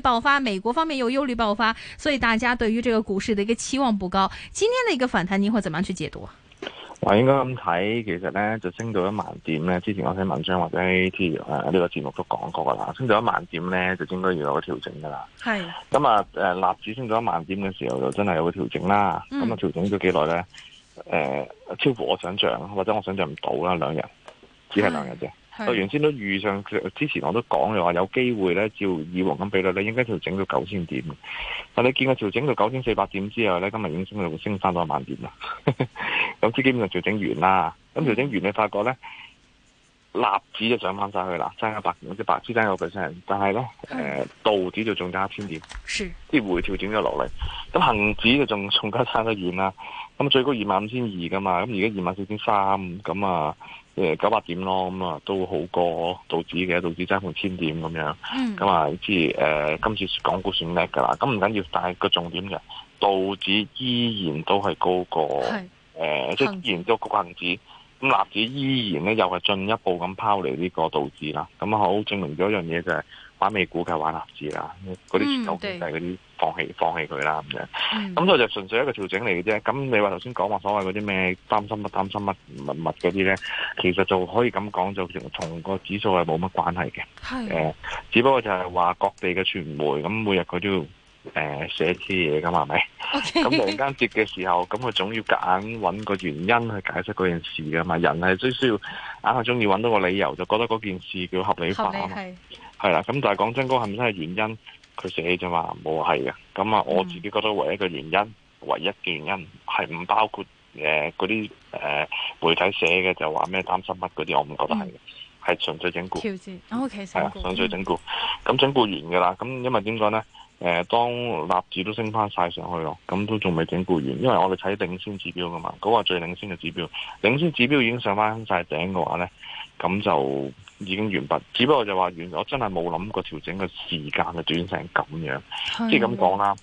爆發，美國方面又憂慮爆發，所以大家對於這個股市的一個期望不高。今天的一個反彈，你會怎樣去解讀？我應該咁睇，其實咧就升到一萬點咧，之前我寫文章或者 ATU 啊呢個節目都講過啦，升到一萬點咧就應該要有個調整噶啦。係的。咁啊誒，納指升到一萬點嘅時候就真係有個調整啦。咁啊、嗯，調整咗幾耐咧？誒、呃，超乎我想象，或者我想象唔到啦，兩日，只係兩日啫。嗯我是原先都遇上，之前我都講嘅話有機會咧，照以往咁比率咧，應該調整到九千點。但你見我調整到九千四百點之後咧，今日已經升到翻到萬點啦。咁即基本上調整完啦。咁調整完、嗯、你發覺咧，納指就上翻晒去啦，爭一百點即百之爭個 percent。但係咧，誒是、呃、道指就仲爭一千點，即係回調整咗落嚟。咁恒指就仲仲加爭得遠啦。咁最高二萬五千二㗎嘛，咁而家二萬四千三咁啊。誒九百點咯，咁啊都好過道指嘅，道指爭紅千點咁樣，咁啊、嗯，好似誒今次港股算叻㗎啦，咁唔緊要，但係個重點嘅道指依然都係高過，誒是、呃、即係依然都高過恒指，咁納指依然咧又係進一步咁拋離呢個道指啦，咁好證明咗一樣嘢就係、是、玩美股就玩納指啦，嗰啲全球經濟嗰啲。嗯放棄放棄佢啦咁樣，咁就、嗯、就純粹一個調整嚟嘅啫。咁你話頭先講話所謂嗰啲咩擔心乜擔心乜物物嗰啲咧，其實就可以咁講，就同個指數係冇乜關係嘅。係誒、呃，只不過就係話各地嘅傳媒咁每日佢都要誒寫啲嘢噶嘛，係、呃、咪？咁突然間跌嘅時候，咁佢總要夾硬揾個原因去解釋嗰件事噶嘛。人係最需要硬係中意揾到個理由，就覺得嗰件事叫合理化啊嘛。係啦，咁但係講真，嗰個係咪真係原因？佢寫啫嘛，冇係嘅。咁啊，我自己覺得唯一嘅原因，嗯、唯一嘅原因係唔包括嗰啲誒媒體寫嘅就話咩擔心乜嗰啲，我唔覺得係嘅，係純粹整固調節。Okay，純粹整固。咁整固完噶啦。咁因為點講咧？誒、呃，當納指都升翻晒上去咯，咁都仲未整固完，因為我哋睇領先指標噶嘛，嗰個最領先嘅指標，領先指標已經上翻晒頂嘅話咧，咁就。已經完畢，只不過就話原來我真係冇諗過調整個時間嘅短成咁樣，即係咁講啦。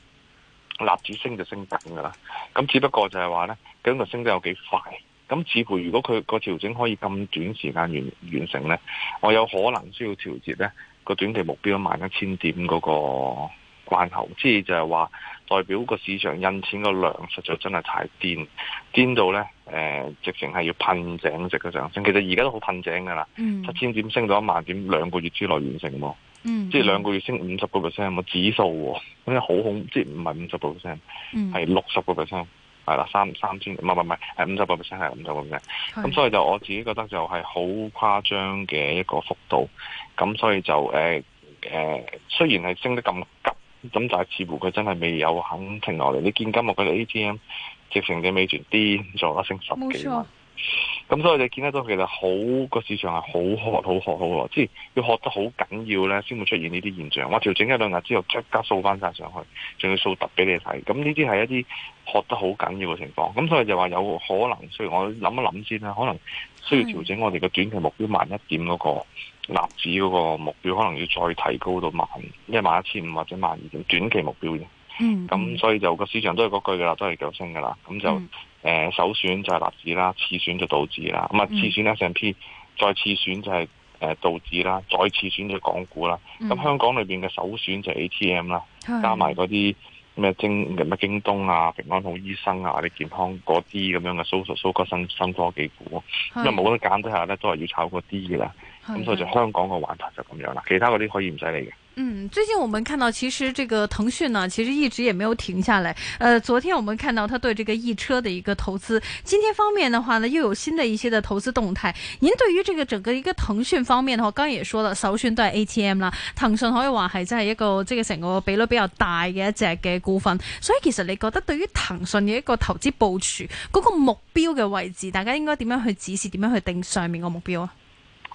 納指升就升緊㗎啦，咁只不過就係話呢，究竟佢升得有幾快？咁似乎如果佢個調整可以咁短時間完完成呢，我有可能需要調節呢個短期目標萬一千點嗰個關頭，即係就係話。代表個市場印錢個量實在真係太顛，顛到咧誒、呃，直情係要噴井直嘅上升。其實而家都好噴井㗎啦，七千、嗯、點升到一萬點，兩個月之內完成喎。嗯、即係兩個月升五十個 percent 喎，指數咁樣好恐，即係唔係五十個 percent，係六十個 percent，係啦，三三千，唔唔唔係，五十個 percent 係五十個 percent。咁的所以就我自己覺得就係好誇張嘅一個幅度，咁所以就誒誒、呃呃，雖然係升得咁急。咁就係似乎佢真係未有肯停落嚟。你見今日佢 A T M 直情嘅美團跌咗升十幾萬，咁所以你見得到其實好個市場係好渴、好渴、好渴。即係要渴得好緊要咧，先會出現呢啲現象。我調整一兩日之後，即刻掃翻晒上去，仲要掃突俾你睇。咁呢啲係一啲渴得好緊要嘅情況。咁所以就話有可能，雖然我諗一諗先啦，可能需要調整我哋嘅短期目標，萬一點嗰、那個。納指嗰個目標可能要再提高到萬，一萬一千五或者萬二點，短期目標嘅。嗯。咁所以就個市場都係嗰句噶啦，都係九升噶啦。咁就、嗯呃、首選就係納指啦，次選就道指啦。咁啊、嗯，次選咧 S&P，再次選就係誒道指啦，再次選就港股啦。咁、嗯、香港裏面嘅首選就係 ATM 啦，嗯、加埋嗰啲咩京、咩京東啊、平安好醫生啊或者健康嗰啲咁樣嘅蘇蘇格新新科技股。因為冇得揀底下咧，都係要炒嗰啲噶啦。咁所以香港嘅玩法就咁樣啦，其他嗰啲可以唔使理嘅。嗯，嗯，最近我們看到其實這個騰訊呢、啊，其實一直也沒有停下來。呃，昨天我們看到他對這個易車的一個投資，今天方面的話呢，又有新的一些的投資動態。您對於這個整個一個騰訊方面的話，我剛，剛也說了，首選都係 ATM 啦。騰訊可以話係即係一個即係成個比率比較大嘅一隻嘅股份。所以其實你覺得對於騰訊嘅一個投資部署嗰，那個目標嘅位置，大家應該點樣去指示？點樣去定上面個目標啊？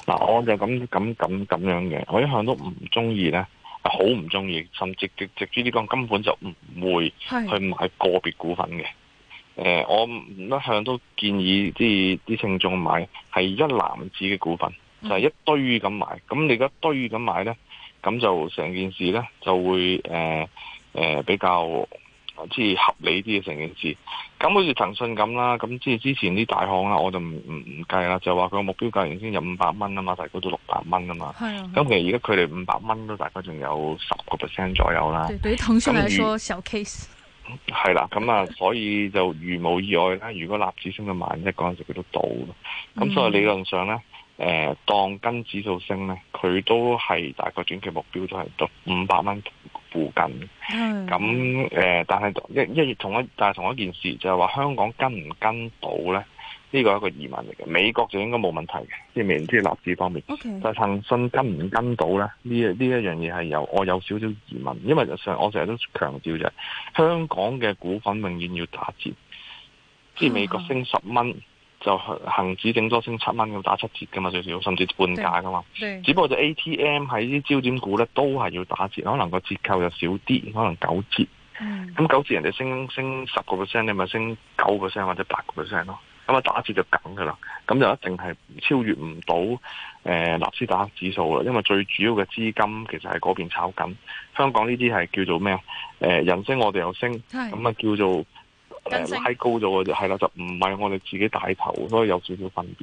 嗱，我就咁咁咁咁樣嘅，我一向都唔中意咧，好唔中意，甚至直直至呢、這個根本就唔會去買個別股份嘅。誒是、呃，我一向都建議啲啲青眾買係一籃子嘅股份，就係、是、一堆咁買。咁你一堆咁買咧，咁就成件事咧就會誒、呃呃、比較。即係合理啲嘅成件事，咁好似騰訊咁啦，咁即係之前啲大行啦，我就唔唔唔計啦，就話佢個目標價原先有五百蚊啊嘛，提高到六百蚊啊嘛，咁係啊，其實而家佢哋五百蚊都大概仲有十個 percent 左右啦。對，對於騰訊嚟說，小 case。係啦，咁啊，所以就如無意外啦。如果納指升到萬一嗰陣時，佢都到，咁所以理論上咧。嗯誒、呃，當跟指數升咧，佢都係大概短期目標都係到五百蚊附近。咁誒、嗯呃，但係一一月同一但係同一件事就係，是，話香港跟唔跟到咧？呢個係一個疑問嚟嘅。美國就應該冇問題嘅，即係明知係納指方面。Okay. 但係騰訊跟唔跟到咧？呢呢一樣嘢係有。我有少少疑問，因為就上我成日都強調就係，是，香港嘅股份永遠要打折，即係美國升十蚊。嗯嗯就恒指頂多升七蚊咁打七折噶嘛，最少甚至半價噶嘛。只不過就 ATM 喺啲焦點股咧，都係要打折，可能個折扣又少啲，可能九折。咁九、嗯、折人哋升升十個 percent，你咪升九個 percent 或者八個 percent 咯。咁啊打折就梗噶啦。咁就一定係超越唔到誒納斯達克指數啦，因為最主要嘅資金其實係嗰邊炒緊。香港呢啲係叫做咩啊、呃？人升我哋又升，咁啊是叫做。誒更、呃、拉高咗嘅就係啦，就唔係我哋自己帶頭，所以有少少分別。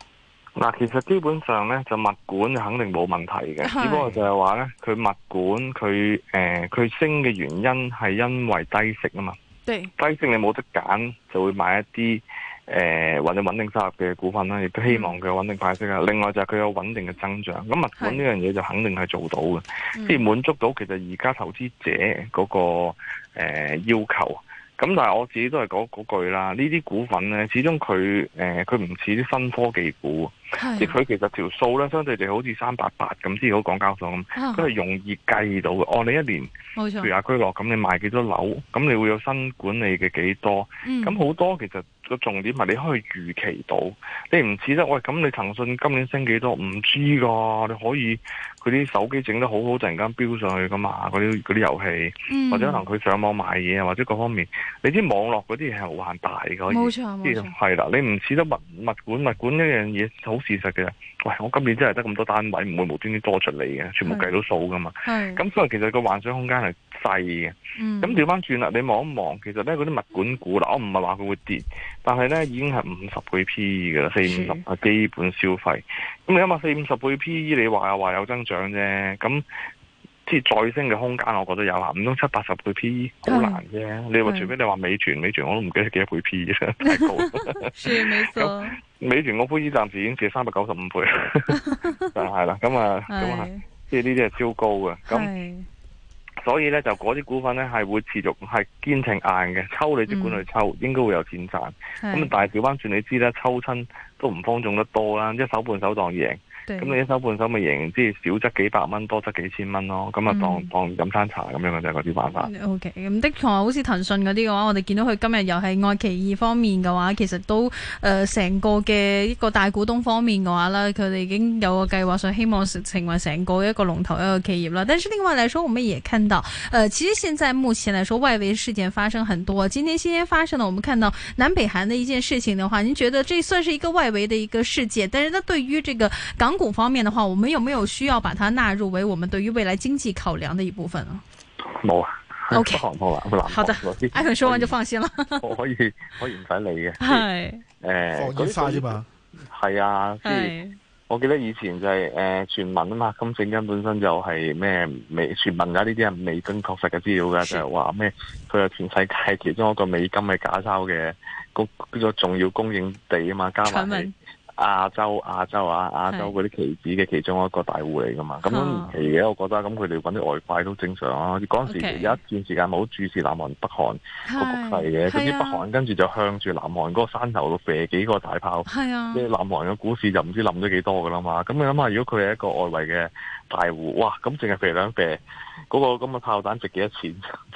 嗱，其實基本上咧就物管肯定冇問題嘅，只不過就係話咧，佢物管佢誒佢升嘅原因係因為低息啊嘛，對低息你冇得揀就會買一啲誒或者穩定收入嘅股份啦，亦都希望佢穩定派息啊。嗯、另外就係佢有穩定嘅增長，咁物管呢樣嘢就肯定係做到嘅，即係滿足到其實而家投資者嗰、那個誒、呃、要求。咁但係我自己都係講嗰句啦，呢啲股份咧，始終佢誒佢唔似啲新科技股，即係佢其實條數咧，相對地好似三百八咁，即係好講交數咁，都係、啊、容易計到嘅。按的、哦、你一年錯譬如阿居樂，咁你賣幾多樓，咁你會有新管理嘅幾多，咁好、嗯、多其實個重點係你可以預期到，你唔似得喂咁你騰訊今年升幾多？唔知㗎，你可以。佢啲手機整得好好，突然間飆上去噶嘛？嗰啲啲遊戲，嗯、或者可能佢上網買嘢啊，或者各方面，你啲網絡嗰啲嘢係幻大嘅，冇錯係啦以錯，你唔似得物物管物管一樣嘢好事實嘅。喂，我今年真係得咁多單位，唔會無端端多出嚟嘅，全部計到數噶嘛。咁是所以其實個幻想空間係細嘅。咁調翻轉啦，你望一望，其實咧嗰啲物管股啦，我唔係話佢會跌，但係咧已經係五十倍 P E 嘅啦，四五十啊基本消費。咁你諗下，四五十倍 P E，你話又話有增漲啫，咁即係再升嘅空間，我覺得有啊。唔通七八十倍 PE 好難啫？是你話除非你話美團美團，是美團我都唔記得幾多倍 PE 嘅，太高。全 是美團，美團個 PE 暫時已經至三百九十五倍，就係啦。咁啊，咁啊，即係呢啲係超高嘅。咁所以咧，就嗰啲股份咧係會持續係堅挺硬嘅，抽你只管去抽，嗯、應該會有錢賺。咁是但係調翻轉，你知啦，抽親都唔方中得多啦，一手半手當贏。咁你一手半手咪贏，即係少則幾百蚊，多則幾千蚊咯。咁啊、嗯，當當飲餐茶咁樣嘅啫，嗰、就、啲、係、辦法。O K，咁的確，好似騰訊嗰啲嘅話，我哋見到佢今日又係愛奇藝方面嘅話，其實都誒成、呃、個嘅一個大股東方面嘅話啦，佢哋已經有個計劃想希望成為成個一個龍頭一個企業啦。但是另外嚟說，我們也看到，誒、呃，其實現在目前來說，外圍事件發生很多。今天先先發生嘅，我們看到南北韓的一件事情嘅話，您覺得這算是一個外圍嘅一個事件，但是呢對於這個港港股方面的話，我們有沒有需要把它納入為我們對於未來經濟考量的一部分啊？冇啊，OK，冇啊，好好的，阿肯說完就放心啦。可以，可以唔使理嘅。係誒，晒啲啫嘛。係啊，即係我記得以前就係誒傳聞啊，金正恩本身就係咩美傳聞啊，呢啲係美金確實嘅資料噶，就係話咩佢係全世界其中一個美金嘅假鈔嘅嗰個重要供應地啊嘛，加埋。亞洲亞洲啊亞洲嗰啲棋子嘅其中一個大戶嚟噶嘛，咁唔奇嘅，我覺得咁佢哋搵啲外快都正常啊。嗰陣時有一段時間冇注視南韓北韓個局勢嘅，咁啲的北韓跟住就向住南韓嗰個山頭度射幾個大炮，即係的南韓嘅股市就唔知冧咗幾多噶啦嘛。咁你諗下，如果佢係一個外圍嘅。大戶哇，咁淨係肥兩肥，嗰個咁嘅炮彈值幾多錢？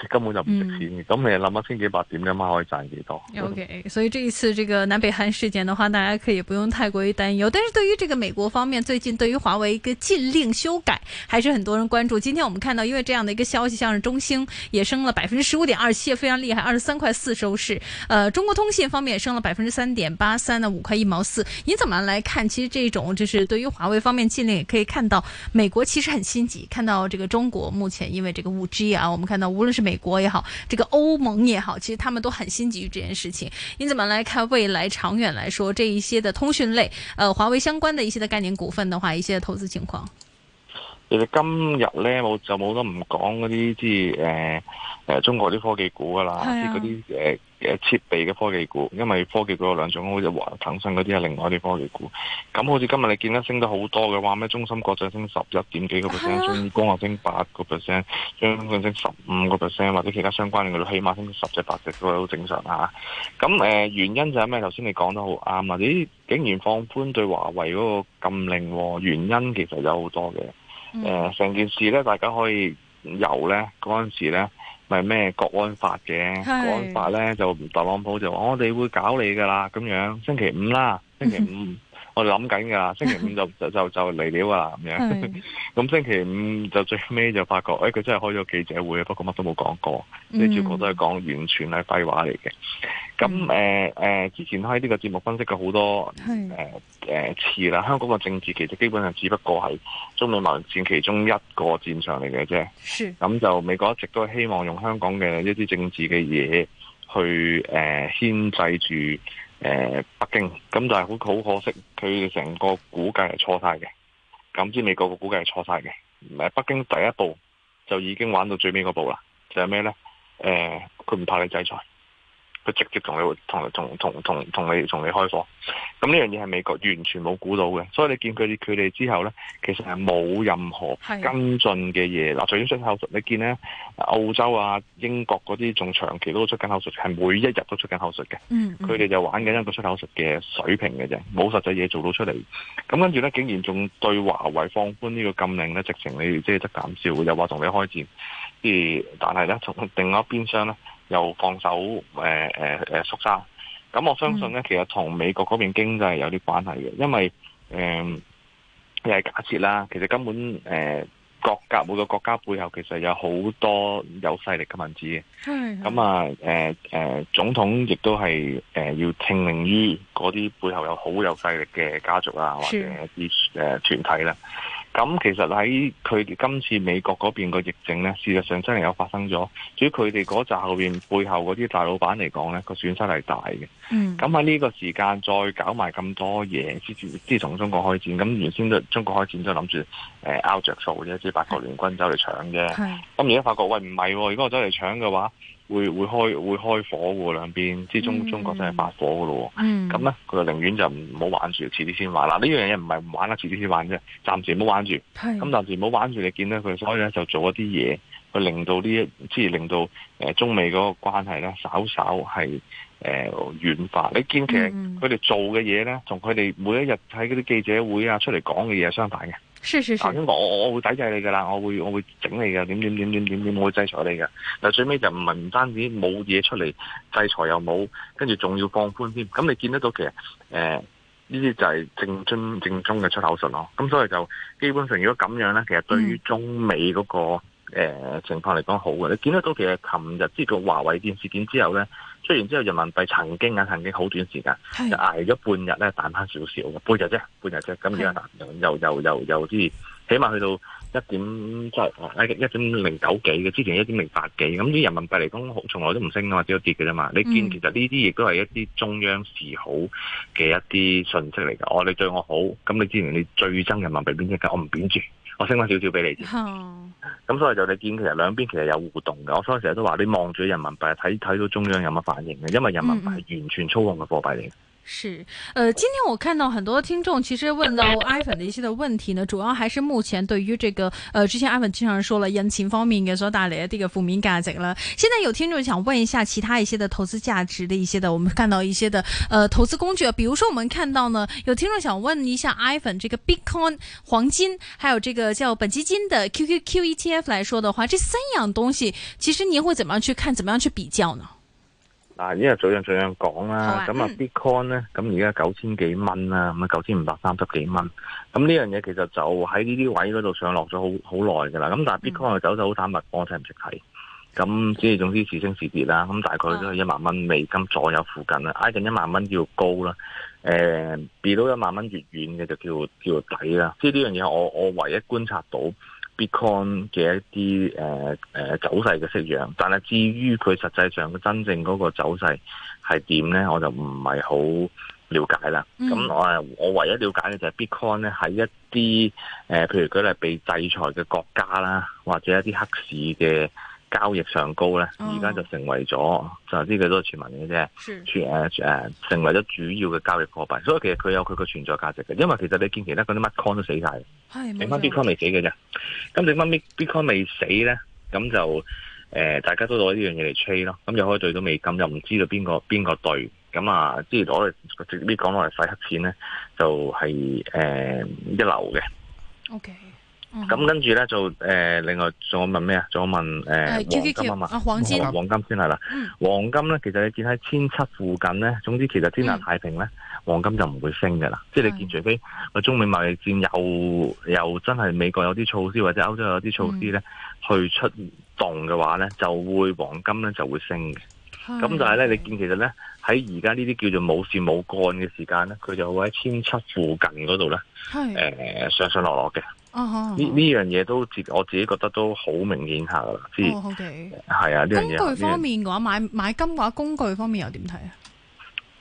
根本就唔值錢嘅。咁你諗一千幾百點，一晚可以賺幾多？okay, 所以這一次這個南北韓事件的話，大家可以不用太過於擔憂。但是對於這個美國方面最近對於華為一個禁令修改，還是很多人關注。今天我們看到因為這樣的一個消息，像是中興也升了百分之十五點二七，非常厲害，二十三塊四收市。呃，中國通信方面也升了百分之三點八三，呢五塊一毛四。你怎麼來看？其實這種就是對於華為方面禁令，也可以看到美國。其實很心急，看到這個中國目前因為這個五 G 啊，我們看到無論是美國也好，這個歐盟也好，其實他們都很心急於這件事情。你怎麼來看未來長遠來說這一些的通訊類，呃，華為相關的一些的概念股份的話，一些投資情況？其實今日呢，我就冇得唔講嗰啲，即係呃，呃，中國啲科技股㗎喇。誒，設備嘅科技股，因為科技股有兩種，好似華騰訊嗰啲係另外啲科技股。咁好似今日你見得升得好多嘅，話咩中芯國際升十一點幾個 percent，中光華升八個 percent，中芯升十五個 percent，或者其他相關嘅嘢，起碼升十隻八隻都好正常吓。咁誒、呃，原因就係咩？頭先你講得好啱啊！咦，竟然放寬對華為嗰個禁令，原因其實有好多嘅。誒、嗯，成、呃、件事咧，大家可以由咧嗰陣時咧。咪咩國安法嘅，國安法咧就特朗普就話我哋會搞你噶啦，咁樣，星期五啦，星期五。嗯我哋諗緊㗎，星期五就就就就嚟了㗎啦，咁樣 是。咁星期五就最尾就發覺，誒、哎、佢真係開咗記者會，不過乜都冇講過，即係照講都係講完全係廢話嚟嘅。咁誒誒，之前開呢個節目分析過好多誒、呃是呃、次啦，香港嘅政治其實基本上只不過係中美矛盾其中一個戰場嚟嘅啫。咁是就美國一直都希望用香港嘅一啲政治嘅嘢去誒牽、呃、制住。誒，北京咁就係好好可惜，佢成個估計係錯晒嘅，咁知美國個估計係錯晒嘅，唔係北京第一步就已經玩到最尾嗰步啦，就係咩呢？誒，佢唔怕你制裁。佢直接同你同同同同同你同你開火，咁呢樣嘢係美國完全冇估到嘅，所以你見佢哋佢哋之後咧，其實係冇任何跟進嘅嘢。嗱的，最近、啊、出口術，你見咧澳洲啊、英國嗰啲仲長期都出緊口術，係每一日都出緊口術嘅。嗯，佢哋就玩緊一個出口術嘅、嗯嗯、水平嘅啫，冇實際嘢做到出嚟。咁跟住咧，竟然仲對華為放寬呢個禁令咧，直情你即係得減少，又話同你開戰。而但係咧，從另外一邊廂咧。又放手，誒誒誒縮沙，咁、呃呃、我相信呢，其實同美國嗰邊經濟有啲關係嘅，因為誒，係、呃、假設啦，其實根本誒國家每個國家背後其實有好多有勢力嘅文字嘅，咁的啊，誒、呃、誒、呃，總統亦都係誒、呃、要聽命於嗰啲背後有好有勢力嘅家族啊，或者一啲誒團體啦。咁其實喺佢今次美國嗰邊個疫症咧，事實上真係有發生咗。至於佢哋嗰集後面，背後嗰啲大老闆嚟講咧，個損失係大嘅。嗯，咁喺呢個時間再搞埋咁多嘢，之之之同中國開戰。咁原先都中國開戰都諗住誒拗着數嘅，即係八國聯軍走嚟搶嘅。咁係而家發覺，喂，唔係、哦，如果我走嚟搶嘅話。會會開會開火喎，兩邊之中中國真係發火嘅咯，咁咧佢就寧願就唔好玩住，遲啲先玩。嗱、啊、呢樣嘢唔係唔玩啦，遲啲先玩啫，暫時唔好玩住。係咁暫時唔好玩住，你見到佢所以咧就做一啲嘢，去令到呢一即係令到誒、呃、中美嗰個關係咧稍稍係誒軟化。你見其實佢哋做嘅嘢咧，同佢哋每一日喺嗰啲記者會啊出嚟講嘅嘢相反嘅。嗱，咁、啊、我我會抵制你噶啦，我會我會整你噶，點點點點點點我會制裁你噶。但係，最尾就唔係唔單止冇嘢出嚟，制裁又冇，跟住仲要放寬添。咁你見得到其實誒呢啲就係正真正宗嘅出口術咯。咁所以就基本上如果咁樣咧，其實對於中美嗰、那個誒、呃、情況嚟講好嘅。你見得到其實琴日即個華為電視事件之後咧。雖然之後，人民幣曾經啊，曾經好短時間，是的 就捱咗半日咧，彈翻少少，半日啫，半日啫。咁而家彈又又又又啲，起碼去到一點即係一一點零九幾嘅，之前一點零八幾。咁啲人民幣嚟講，從來都唔升啊，只有跌嘅啫嘛。嗯、你見其實呢啲亦都係一啲中央示好嘅一啲訊息嚟㗎。哦，你對我好，咁你之前你最憎人民幣邊隻㗎？我唔貶住。我升翻少少俾你先，咁所以就你見其實兩邊其實有互動嘅。我所以成日都話，你望住人民幣睇睇到中央有乜反應嘅，因為人民幣係完全操控嘅貨幣嚟。是，呃，今天我看到很多聽眾其實問到 iPhone 的一些的問題呢，主要還是目前對於這個，呃，之前 iPhone 經常說了，言情方面應該說帶來這個負面感這個了。現在有聽眾想問一下其他一些的投資價值的一些的，我們看到一些的，呃，投資工具啊，比如說我們看到呢，有聽眾想問一下 iPhone 這個 Bitcoin、黃金，還有這個叫本基金的 Q Q Q E T F 來說的話，這三樣東西，其實您會怎麼樣去看，怎麼樣去比較呢？嗱，一日早樣早樣講啦，咁啊，Bitcoin 咧，咁而家九千幾蚊啦，咁九千五百三十幾蚊，咁呢樣嘢其實就喺呢啲位嗰度上落咗好好耐嘅啦，咁但係 Bitcoin 又走走好坦白，我真係唔識睇，咁即係總之時升時跌啦，咁大概都係一萬蚊美金左右附近啦，挨近一萬蚊叫高啦，誒、呃，跌到一萬蚊越遠嘅就叫叫底啦，即係呢樣嘢我我唯一觀察到。Bitcoin 嘅一啲誒誒走勢嘅式樣，但係至於佢實際上嘅真正嗰個走勢係點咧，我就唔係好了解啦。咁、嗯、我係我唯一了解嘅就係 Bitcoin 咧喺一啲誒、呃，譬如佢係被制裁嘅國家啦，或者一啲黑市嘅交易上高咧，而家就成為咗、哦、就呢個都係傳聞嘅啫，誒誒是成為咗主要嘅交易貨幣，所以其實佢有佢嘅存在價值嘅。因為其實你見其他嗰啲乜 coin 都死曬，剩翻 bitcoin 未死嘅啫。咁剩翻 bitcoin 未死咧，咁就誒、呃、大家都攞呢樣嘢嚟 trade 咯。咁又可以對到美金，又唔知道邊個邊個對，咁啊，即係攞嚟直接講落嚟洗黑錢咧，就係、是、誒、呃、一流嘅。OK。咁、嗯、跟住咧就誒，另外仲有問咩啊？仲有問誒、呃、黃金啊嘛，呃、黃金黃金先係啦。是是黃金咧、嗯，其實你見喺千七附近咧，總之其實天下太平咧，嗯、黃金就唔會升㗎啦。即係你見除非個中美貿易戰又又真係美國有啲措施或者歐洲有啲措施咧，嗯、去出動嘅話咧，就會黃金咧就會升嘅。咁、嗯、但係咧，你見其實咧。喺而家呢啲叫做冇事冇幹嘅時間咧，佢就會喺千七附近嗰度咧，誒是、呃、上上落落嘅。呢呢樣嘢都自我自己覺得都好明顯下㗎喇。哦，好、okay、嘅，係、呃、啊。工具方面嘅話，件買買金嘅話，工具方面又點睇啊？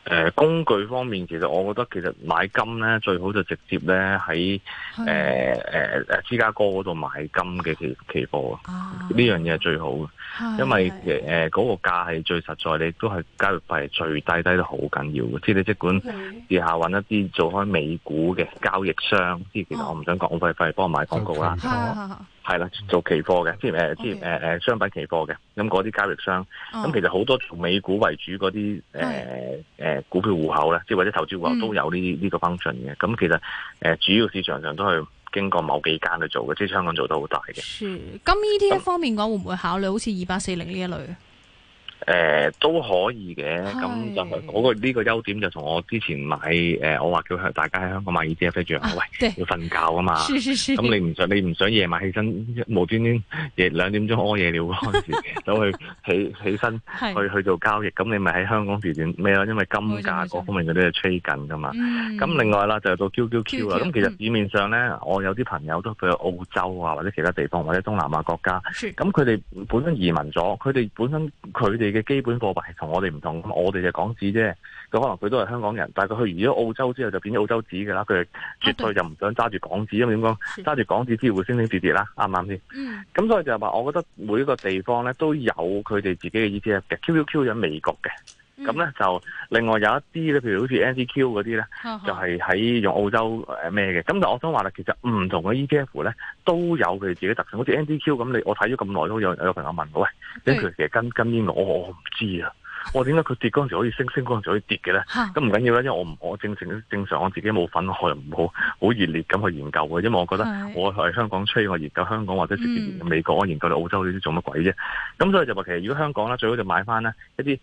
誒、呃，工具方面，其實我覺得其實買金咧最好就直接咧喺誒誒誒芝加哥嗰度買金嘅期期貨啊，呢樣嘢係最好嘅，的因為誒嗰、呃那個價係最實在，你都係交易費係最低，低都，低得好緊要嘅。即係你即管試下搵一啲做開美股嘅交易商，即係其實我唔想講費費，幫、啊、我買廣告啦。的吧係啦，做期貨嘅，即誒，即誒誒，商品期貨嘅，咁嗰啲交易商，咁、啊、其實好多美股為主嗰啲誒誒股票戶口咧，即係或者投資戶口都有呢呢個 function 嘅，咁、嗯、其實誒、呃、主要市場上都係經過某幾間去做嘅，即、就、係、是、香港做得好大嘅。咁呢啲方面講，嗯、會唔會考慮好似二八四零呢一類？誒，都可以嘅，咁就係我個呢個優點就同我之前買誒，我話叫大家喺香港買 ETF 喂，uh, right. 要瞓覺啊嘛，咁 你唔想你唔想夜晚無無 起，起身無端端夜兩點鐘屙夜尿嗰陣時，去起起身去去做交易，咁你咪喺香港時段咩啦？因為金價各方面嗰啲係吹緊噶嘛，咁另外啦、啊、就到、嗯、Q Q Q 啊，咁其實市面上咧，我有啲朋友都去澳洲啊，或者其他地方或者東南亞國家，咁佢哋本身移民咗，佢哋本身佢哋。嘅基本貨幣我同我哋唔同，我哋就港紙啫。佢可能佢都係香港人，但係佢去完咗澳洲之後就變咗澳洲紙嘅啦。佢絕對就唔想揸住港紙，因為點講？揸住港紙只會升升跌跌啦，啱唔啱先？咁、嗯、所以就係話，我覺得每一個地方咧都有佢哋自己嘅 ETF 嘅。Q Q Q 響美國嘅。咁咧、嗯、就另外有一啲咧，譬如好似 NDQ 嗰啲咧， 就係喺用澳洲咩嘅。咁但我想話啦，其實唔同嘅 ETF 咧都有佢自己特性。好似 NDQ 咁，你我睇咗咁耐都有有朋友問的我喂 NDQ 其實跟跟邊個我我唔知啊。我點解佢跌嗰陣時可以升，升嗰陣時可以跌嘅咧？咁唔緊要啦，因為我我正常正常我自己冇份，我又唔好好熱烈咁去研究嘅，因為我覺得我係香港吹，我研究香港或者直接研究美國，我研究嚟澳洲呢啲做乜鬼啫？咁所以就話其實如果香港咧，最好就買翻咧一啲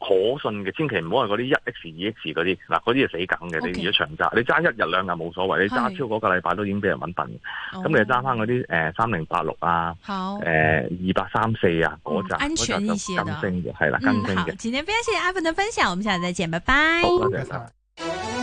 可信嘅，千祈唔好係嗰啲一 x 二 x 嗰啲嗱，嗰啲係死梗嘅。你如果長揸，你揸一日兩日冇所謂，你揸超過個禮拜都已經俾人揾笨。咁你就揸翻嗰啲誒三零八六啊，誒二八三四啊嗰扎，嗰扎就更升嘅，係啦，更升嘅。今天非常謝謝阿芬的分享，我們下次再見，拜拜。